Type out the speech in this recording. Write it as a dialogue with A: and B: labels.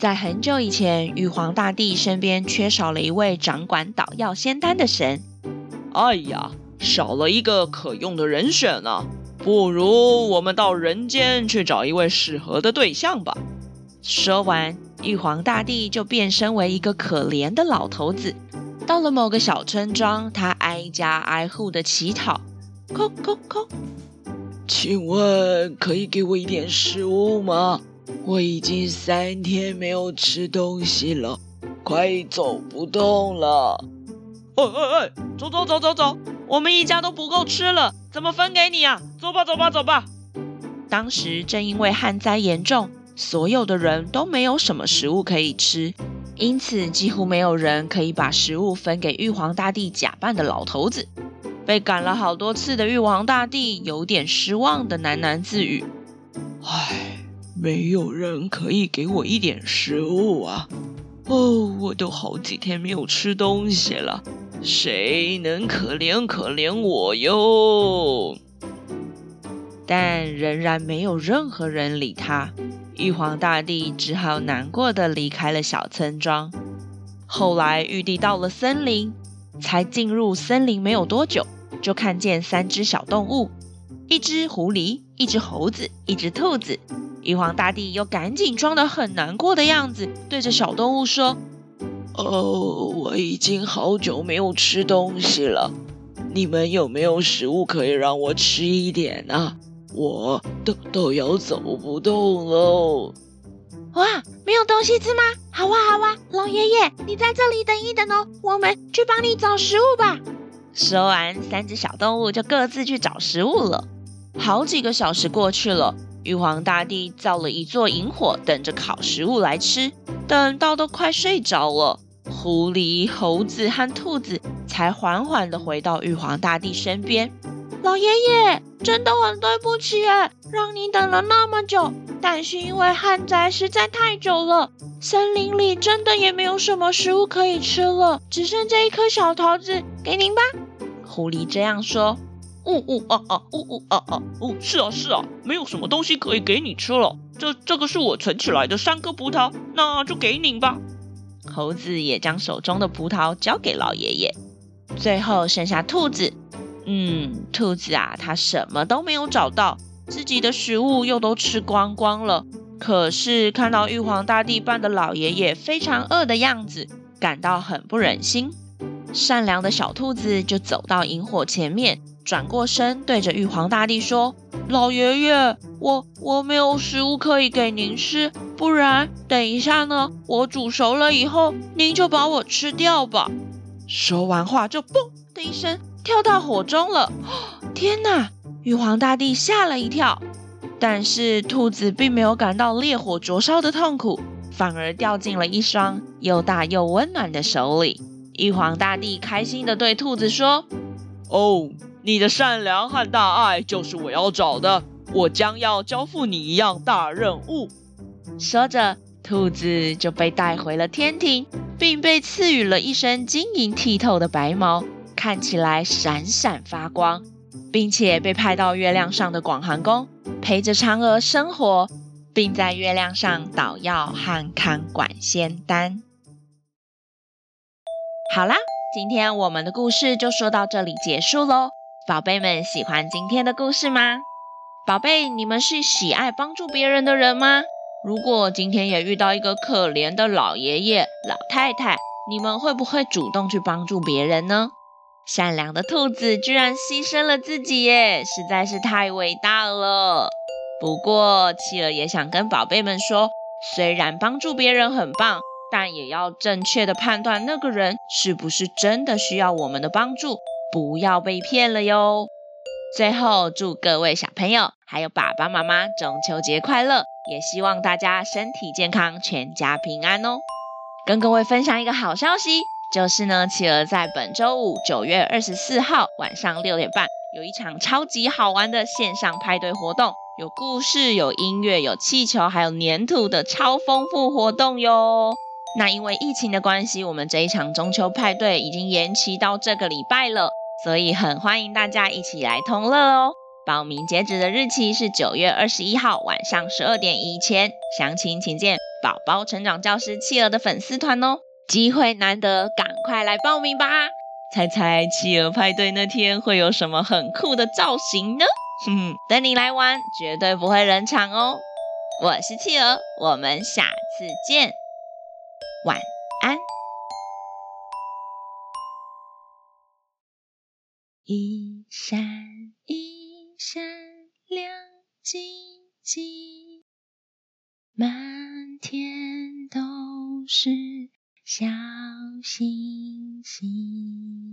A: 在很久以前，玉皇大帝身邊缺少了一位掌管搗藥仙丹的神。哎呀，
B: 少了一個可用的人選了，啊，不如我們到
A: 人間去找一位適合的對象吧。說完，玉皇大帝就變身為一個可憐的老頭子，到了某個小村莊，他挨家挨戶地乞討，叩叩叩，請問
B: 可以給我一點食物嗎？我已經三天沒有吃東西了，快走不動了。哎哎哎，走走走走走，我們一家都不夠吃了，怎麼分給你啊？走吧走吧走吧。
A: 當時正因為旱災嚴重，所有的人都沒有什麼食物可以吃，因此幾乎沒有人可以把食物分給玉皇大帝假扮的老頭子。被趕了好多次的玉皇大帝有點失望的喃喃自語：“
B: 唉。”沒有人可以給我一點食物啊！哦，我都好幾天沒有吃東西了，誰能可
A: 憐可憐我喲？但仍然沒有任何人理他，玉皇大帝只好難過地離開了小村莊。後來，玉帝到了森林，才進入森林沒有多久，就看見三隻小動物：一隻狐狸，一隻猴子，一隻兔子。玉皇大帝又趕緊裝的很難過的樣子，對着小動物說：“哦，我已經好久沒有吃東西了，
B: 你們有沒有食物可以讓我吃一點啊？我都都要走不動嘍！”
A: 哇，沒有東西吃嗎？好啊好啊，老爺爺，你在這裡等一等哦，我們去幫你找食物吧。說完，三只小動物就各自去找食物了。好幾個小時過去了。玉皇大帝造了一座營火，等着烤食物來吃。等到都快睡着了，狐狸、猴子和兔子才緩緩地回到玉皇大帝身邊。老爺爺，真的很對不起，哎，讓你等了那麼久。但是因為旱災實在太久了，森林裡真的也沒有什麼食物可以吃了，只剩這一顆小桃子給您吧。狐狸這樣說。嗚嗚啊啊，嗚嗚啊啊，嗚是啊是啊，沒有什
B: 麼東西可以給你吃了。這這個是我存起來的三顆葡萄，那就給你吧。
A: 猴子也將手中的葡萄交給老爺爺。最後剩下兔子，嗯，兔子啊，它什麼都沒有找到，自己的食物又都吃光光了。可是看到玉皇大帝扮的老爺爺非常餓的樣子，感到很不忍心。善良的小兔子就走到營火前面。轉過身，對着玉皇大帝說：“老爺爺，我我沒有食物可以給您吃，不然等一下呢，我煮熟了以後，您就把我吃掉吧。”
B: 說完話，
A: 就嘣的一聲跳到火中了。天哪！玉皇大帝嚇了一跳，但是兔子並沒有感到烈火灼燒的痛苦，反而掉進了一雙又大又溫暖的手裡。玉皇大帝開心地對兔子說：“哦。”你的善良和大愛就是我要找的，我將要
B: 交付你一樣大任務。
A: 說着，兔子就被帶回了天庭，並被賜予了一身晶瑩剔透的白毛，看起來閃閃發光，並且被派到月亮上的廣寒宮，陪着嫦娥生活，並在月亮上搗藥和看管仙丹。好啦，今天我們的故事就說到這裡結束嘍。寶貝們喜歡今天的故事嗎？寶貝，你們是喜愛幫助別人的人嗎？如果今天也遇到一個可憐的老爺爺、老太太，你們會不會主動去幫助別人呢？善良的兔子居然犧牲了自己耶，實在是太偉大了。不過，企鵝也想跟寶貝們說，雖然幫助別人很棒，但也要正確的判斷那個人是不是真的需要我們的幫助。不要被騙了喲！最後祝各位小朋友還有爸爸媽媽中秋節快樂，也希望大家身體健康，全家平安哦。跟各位分享一個好消息，就是呢，企鵝在本周五九月二十四號晚上六點半有一場超級好玩的線上派對活動，有故事，有音樂，有氣球，還有粘土的超豐富活動喲。那因為疫情的關係，我們這一場中秋派對已經延期到這個禮拜了。所以很歡迎大家一起來同樂哦！報名截止的日期是九月二十一號晚上十二點以前，詳情請見寶寶成長教室企鵝的粉絲團哦！機會難得，趕快來報名吧！猜猜企鵝派對那天會有什麼很酷的造型呢？哼哼、嗯，等你來玩，絕對不會冷場哦！我是企鵝，我們下次見，晚。一閃一閃亮
B: 晶晶，滿天都是小星星。